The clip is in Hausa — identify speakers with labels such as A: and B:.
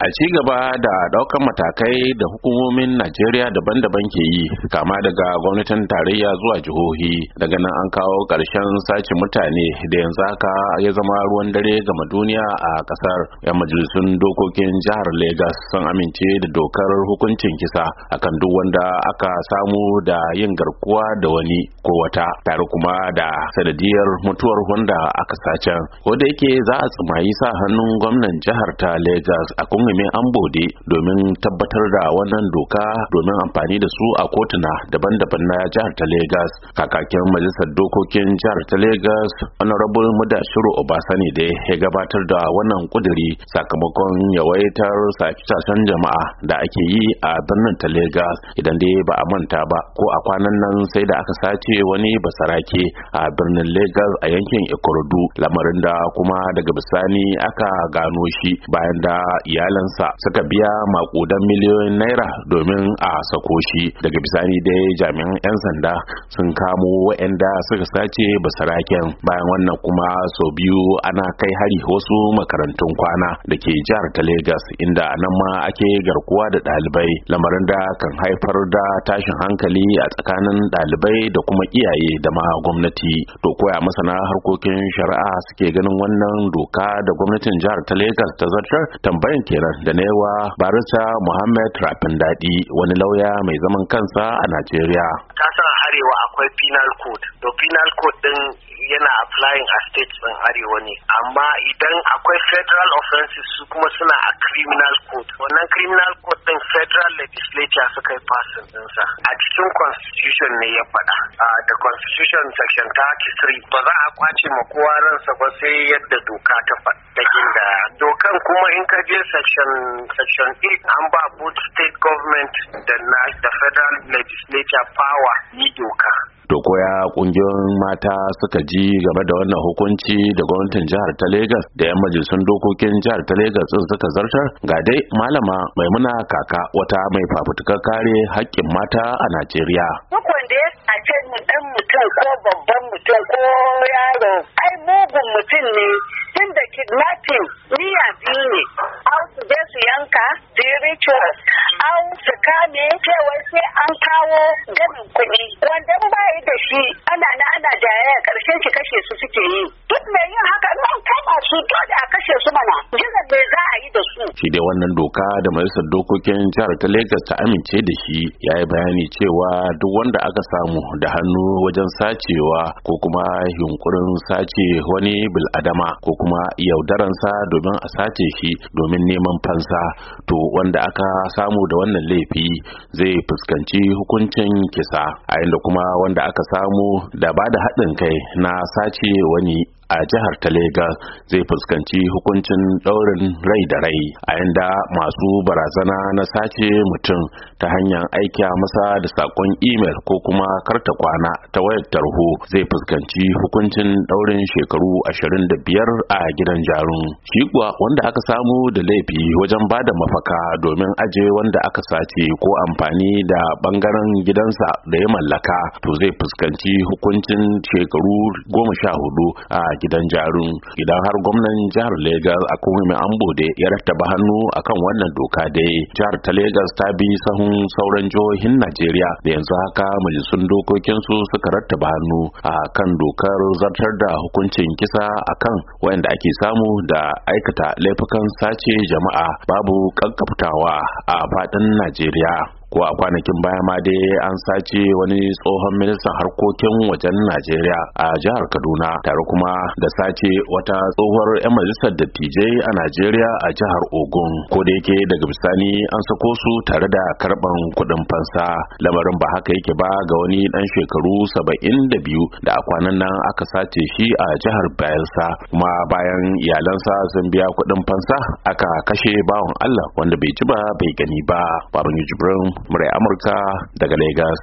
A: a ci gaba da daukan matakai da hukumomin najeriya daban-daban ke yi kama daga gwamnatin tarayya zuwa jihohi daga nan an kawo ƙarshen sace mutane da yanzu haka ya zama ruwan dare gama duniya a ƙasar yan majalisun dokokin jihar Legas sun amince da dokar hukuncin kisa akan duk wanda aka samu da yin garkuwa da wani ko wata tare kuma da sanadiyar mutuwar wanda aka sace ko da yake za a tsumayi sa hannun gwamnan jihar ta Legas a an bode domin tabbatar da wannan doka domin amfani da su a kotuna daban-daban na jihar ta Legas. Kakakin majalisar dokokin jihar ta Legas, Honorable Mudashiru Obasani da ya gabatar da wannan kuduri sakamakon yawaitar sace jama'a da ake yi a birnin ta Legas idan dai ba a manta ba ko a kwanan nan sai da aka sace wani basarake a birnin Legas a yankin Ikorodu lamarin da kuma daga bisani aka gano shi bayan da iyalan mutanensa suka biya makudan miliyoyin naira domin a sako shi daga bisani dai jami'an 'yan sanda sun kamo wa'anda suka sace basaraken bayan wannan kuma sau biyu ana kai hari wasu makarantun kwana da ke jihar ta Legas inda nan ma ake garkuwa da ɗalibai lamarin da kan haifar da tashin hankali a tsakanin ɗalibai da kuma iyaye da ma gwamnati to koya masana harkokin shari'a suke ganin wannan doka da gwamnatin jihar ta Legas ta zartar tambayan kenan da newa barista muhammad rafin daɗi wani lauya mai zaman kansa a najeriya ta san harewa akwai penal code to penal code din yana applying a state ɗin arewa ne amma idan akwai federal offenses su kuma suna a criminal court wannan criminal court ɗin federal legislature suka yi passing ɗinsa a cikin constitution ne ya faɗa da constitution section 33 ba za a kwace ma kowa ransa ba sai yadda doka ta faɗa da dokan kuma in ka je section section 8 an ba both state government da federal legislature power ni doka to koya kungiyoyin mata suka ji game da wannan hukunci da gwamnatin jihar ta Legas da yan majalisun dokokin jihar ta Legas sun suka zartar ga dai malama Maimuna Kaka wata mai fafutukar kare haƙƙin mata a Najeriya da ko babban mutum ko yaro ai mugun mutum ne abin da kidnapping niyya biyu ne au su je su yanka su yi au su kame cewa sai an kawo gamin kuɗi wanda ba yi da shi ana na ana jayaya karshen shi kashe su suke yi duk mai yin haka an kama su dole a kashe su mana shi dai wannan doka da majalisar dokokin jihar ta lagos ta amince da shi ya yi bayani cewa duk wanda aka samu da hannu wajen sacewa ko kuma yunkurin sace wani bil'adama ko kuma yaudaransa domin a sace shi domin neman fansa to wanda aka samu da wannan laifi zai fuskanci hukuncin kisa a inda kuma wanda aka samu da ba da haɗin kai na sace wani a jihar ta Legas zai fuskanci hukuncin daurin rai da rai a yanda masu barazana na sace mutum ta hanyar aiki masa da sakon imel ko kuma karta kwana ta wayar tarho zai fuskanci hukuncin daurin shekaru 25 a gidan jarun shi kuwa wanda aka samu da laifi wajen ba da mafaka domin aje wanda aka sace ko amfani da bangaren gidansa da ya mallaka to zai fuskanci hukuncin shekaru 14 a gidan jarun idan har gwamnan jihar Legas a kuma ambo da ya rattaba hannu akan wannan doka dai jihar ta Legas ta bi sahun sauran jihohin Najeriya da yanzu haka majalisun dokokin su suka rattaba hannu a kan dokar zartar da hukuncin kisa akan wanda ake samu da aikata laifukan sace jama'a babu kakkaftawa a faɗin Najeriya. ko a kwanakin baya ma dai an sace wani tsohon ministan harkokin wajen najeriya a jihar kaduna tare kuma da sace wata tsohuwar 'yan majalisar dattijai a najeriya a jihar ogun ko da yake daga bisani an sako su tare da karban kuɗin fansa lamarin ba haka yake ba ga wani ɗan shekaru saba'in da biyu da a kwanan nan aka sace shi a jihar bayelsa kuma bayan iyalansa sun biya kuɗin fansa aka kashe bawan allah wanda bai ji ba bai gani ba babangiji jibrin murai amurka daga lagos